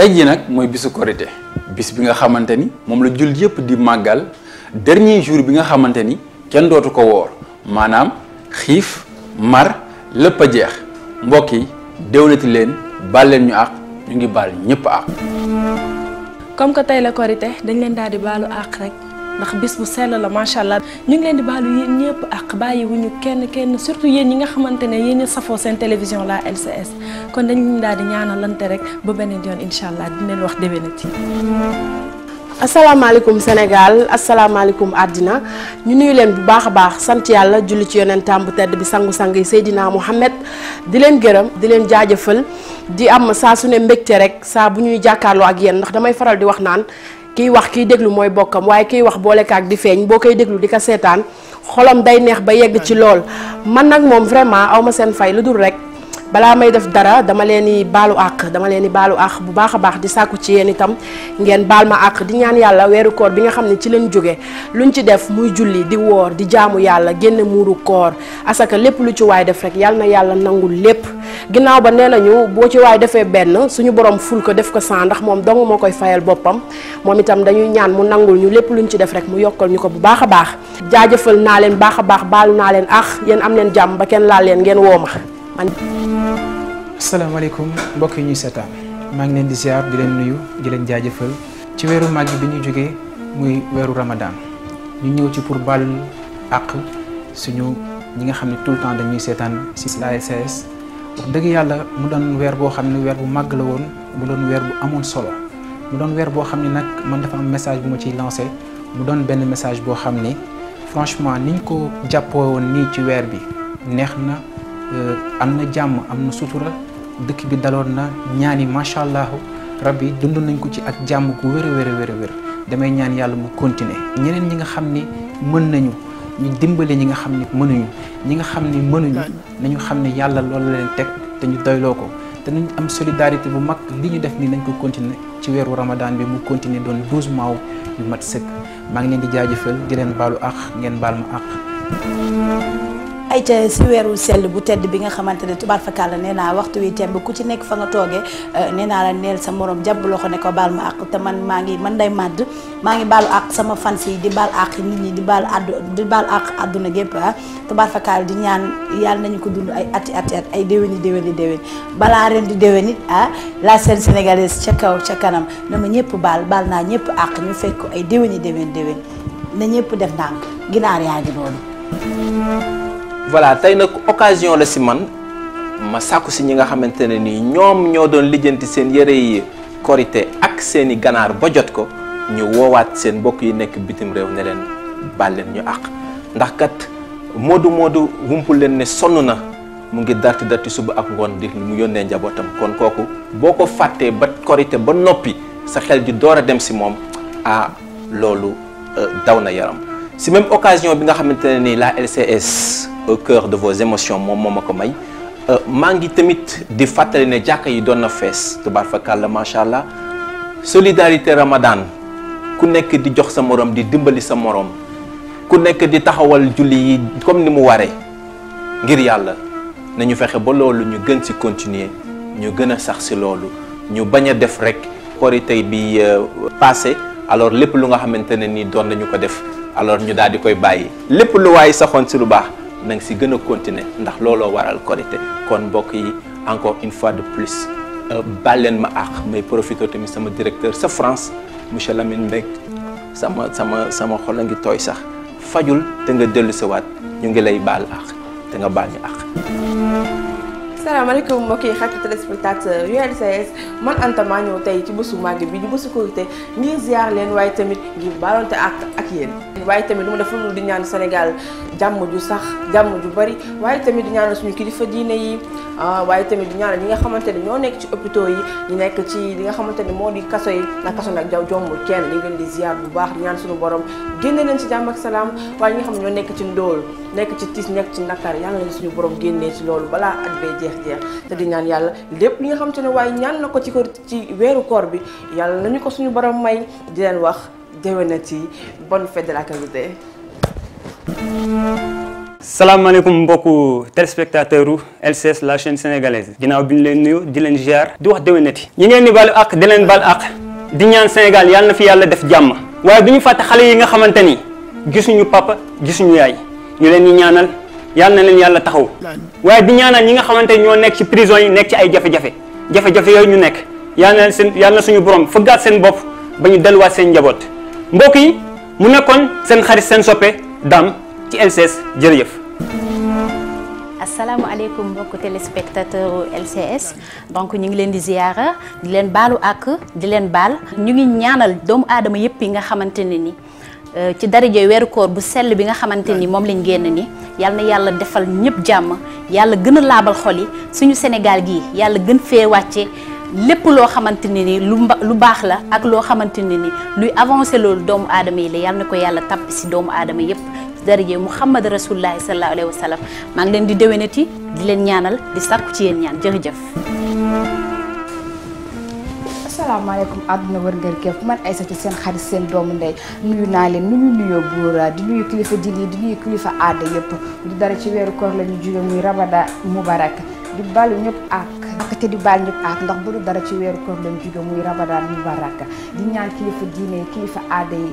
tey jii nag mooy bisu korite bis bi nga xamante ni moom la jul yëpp di màggal dernier jour bi nga xamante ni kenn dootu ko woor maanaam xiif mar lépp a jeex mbokk yi déwlati leen baal leen ñu àq ñu ngi baal ñëpp àq. comme que tey la korite dañ leen daal baalu àq rek. ndax bis bu sell la macha allah ñu ngi leen di baalu yéen ñëpp ak ñu kenn kenn surtout yéen ñi nga xamante ne yéen safoo seen télévision la LCS kon dañu daal di lante rek ba beneen yoon incha allah di leen wax déwénati. asalaamaaleykum Sénégal asalaamaaleykum àddina ñu nuyu leen bu baax a baax sant yàlla julli ci yonentam bu tedd bi sangu-sang yi Seydina Mouhamed di leen gërëm di leen jaajëfal di am saa su ne mbégte rek saa bu ñuy jàkkaarloo ak yéen ndax damay faral di wax naan. kiy wax kiy déglu mooy bokkam waaye kiy wax ak di feeñ boo koy déglu di ko seetaan xolam day neex ba yegg ci lool man nag moom vraiment awma seen fay lu dul rek balaa may def dara dama leen di baalu àq dama leen di baalu àq bu baax a baax di sàkku ci yéen itam ngeen baal ma àq di ñaan yàlla weeru koor bi nga xam ne ci leen jóge lu luñ ci def muy julli di woor di jaamu yàlla génn muuru koor asaka lépp lu ci waay def rek yàlla na yàlla nangul lépp ginnaaw ba nee nañu boo ci waay defee benn suñu borom ful ko def ko sant ndax moom dong moo koy fayal boppam moom itam dañuy ñaan mu nangul ñu lépp luñ ci def rek mu yokkal ñu ko bu baax a baax jaajafal naa leen baax a baax baalu naa leen ax ah, yéen am leen jàmm ba kenn laal leen ngeen woo ma man. asalaamaaleykum mbokk yi ñuy seetaan maa ngi leen di ziar di leen nuyu di leen jaajëfal ci weeru màgg bi ñu jógee muy weeru ramadan ñu ñëw ci pour bàllu àq suñu ñi nga xam ne tout le temps dañuy seetaan si LASS wax dëgg yàlla mu doon weer boo xam ne weer bu màgg la woon mu doon weer bu amoon solo mu doon weer boo xam ni nag man dafa am message bu ma ciy lancé mu doon benn message boo xam ni franchement niñ ko jàppoo woon nii ci weer bi neex na euh, am na jàmm am na sutura dëkk bi daloon na ñaani macha allah yi dund nañ ko ci ak jàmm gu wér a wér wér a damay ñaan yàlla mu continuer ñeneen ñi nga xam ni mën nañu. ñu dimbale ñi nga xam ne mënuñu ñi nga xam ne mënuñu nañu xam ne yàlla loolu la leen teg te ñu doyloo ko te nañ am solidarité bu mag li ñu def nii nañ ko continuer ci weeru ramadan bi mu continuer doon douze mois yu mat sëkk maa ngi leen di jaajëfal di leen baalu àq ngeen baal ma àq ay ci ci wéru sel bu tedd bi nga xamantene tubar tubaar fakàlla nee waxtu wi temb ku ci nek fa nga toogee euh, nee la neel sa morom jabb loxo ne ko bal ma ak te man maa ngi man day mad maa ngi baalu àq sama fans yi di bal ak nit ñi di bal addu di bal ak aduna gep ha ah. tubar fakàlla di ñaan yal nañ ko dund ay atti atti at ay déwéni déwéni déwén bala ren di déwén ha ah, la scène sénégalaise ci kaw ci kanam na ma ñëpp bal baal naa ñëpp àq ñu fekk ay déwéni déwén déwén na ñepp def dank ginaar yaa ngi you voilà tay nak occasion la ci man ma sakku ci nga xamante ni ñom ño doon lijeenti seen yere yi korité ak seeni ganar ba jot ko ñu woowaat seen bokk yi nekk bitim rew ne leen bal leen ñu ak ndax kat modu modu wumpul leen ne sonu na mu ngi darti darti suba ak ngon di mu yonne njabootam kon koku boko fatte ba korité ba nopi sa xel doora a dem ci mom a ah, lolu euh, daw yaram si même occasion bi nga xamante la LCS au cœur de vos émotions mom momako ma may euh, maa ngi tamit di fatale ne jàkka yi doon na fess tubaar fakàlla solidarité Ramadan ku nek di jox sa morom di dimbali sa morom ku nek di taxawal julli yi comme ni mu waré ngir yalla nañu fexé ba lolu ñu gën ci continuer ñu gëna sax ci lolu ñu baña def rek korité bi euh, passé alors lepp lu nga xamante ni doon nañu ko def. alors ñu daal di koy bàyyi lépp lu waaye saxoon si lu baax na nga si gën a continuer ndax looloo waral korité kon mbokk yi encore une fois de plus euh, baal leen ma àq may profité tamit sama directeur sa France monsieur Lamine Mbeg sama sama sama xol a ngi tooy sax fajul te nga dellu si waat ñu ngi lay baal àq te nga baal ñu àq salaamaaleykum mbokk yi xarit téléspectateur ULCS man Anta maa ñëw tey ci bésu màgg bi di bésu Korité ngir ziar leen waaye tamit ngir baalonte ak ak yéen waaye tamit lu ma di ñaan Sénégal jàmm ju sax jàmm ju bari waaye tamit di ñaanal suñu kilifa diine yi ah, waaye tamit di ñaanal ñi nga xamante ne ñoo nekk ci hôpitaux yi ñu nekk ci li nga xamante ne moo di kaso yi ndax kaso nag jaw jombul kenn ñu ngi leen di ziar bu baax ñaan suñu borom génne leen ci jàmm ak salaam waaye ñi xam ne ñoo nekk ci ndóol nekk ci tiis nekk ci nakar yàlla leen suñu borom génnee ci loolu balaa at bee jeex jeex jeex te di ñaan yàlla lépp li nga xam ne waaye ñaan na ko ci ko ci weeru koor bi yàlla nañu ko suñu borom may di wax déwénati bonne fête de la qualité. salaamaaleykum mbokku téléspectateuru LCS la chaîne sénégalaise. ginnaaw bi ñu leen nuyu di leen ziar. di wax déwénati. ñi ngeen di baalu àq di leen baal àq. di ñaan Sénégal yàlla na fi yàlla def jàmm. waaye du ñu fàtte xale yi nga xamante ni gisuñu papa gisuñu yaay ñu leen di ñaanal. yàlla na leen yàlla taxaw waaye bi ñaanal ñi nga xamante ñoo nekk ci prison yi nekk ci ay jafe-jafe jafe-jafe yooyu ñu nekk yàlla na leen seen yàlla na suñu borom fëggaat seen bopp ba ñu delluwaat seen njaboot mbokk yi mu nekkoon seen xarit seen soppe Dame ci LCS jërëjëf. asalaamaaleykum mbokk téléspectateur LCS donc ñu ngi leen di ziyaara di leen baalu ak di leen baal ñu ngi ñaanal doomu aadama yëpp yi nga xamante ne ni. Euh, ci daraja weeru koor bu sell bi nga xamante ni moom lañ génn ni yal na yàlla defal ñëpp jàmm yàlla gën a laabal xol yi suñu Sénégal gii yàlla gën fee wàcce lépp loo xamante ne ni lu lu baax la ak loo xamante ne ni luy avancé loolu doomu aadama yi la yal na ko yàlla tàpp si doomu aadama yëpp daraja Muhammad rasulullahi sallallahu alayhi wa sallam maa ngi leen di déwénati di leen ñaanal di sàkku ci yéen ñaan jërëjëf asalaamaaleykum àdduna wërngër képp man Aïssatou seen xarit seen doomu ndey nuyu naa leen nu ñu nuyoo buur di nuyu kilifa diine di nuyu kilifa aada yëpp du dara ci weeru koor la ñu jóge muy rabada mubarak di balu ñëpp ak ak di baal ñëpp ndax bu dara ci weeru koor la ñu jóge muy rabada mubarak di ñaan kilifa diine kilifa aada yi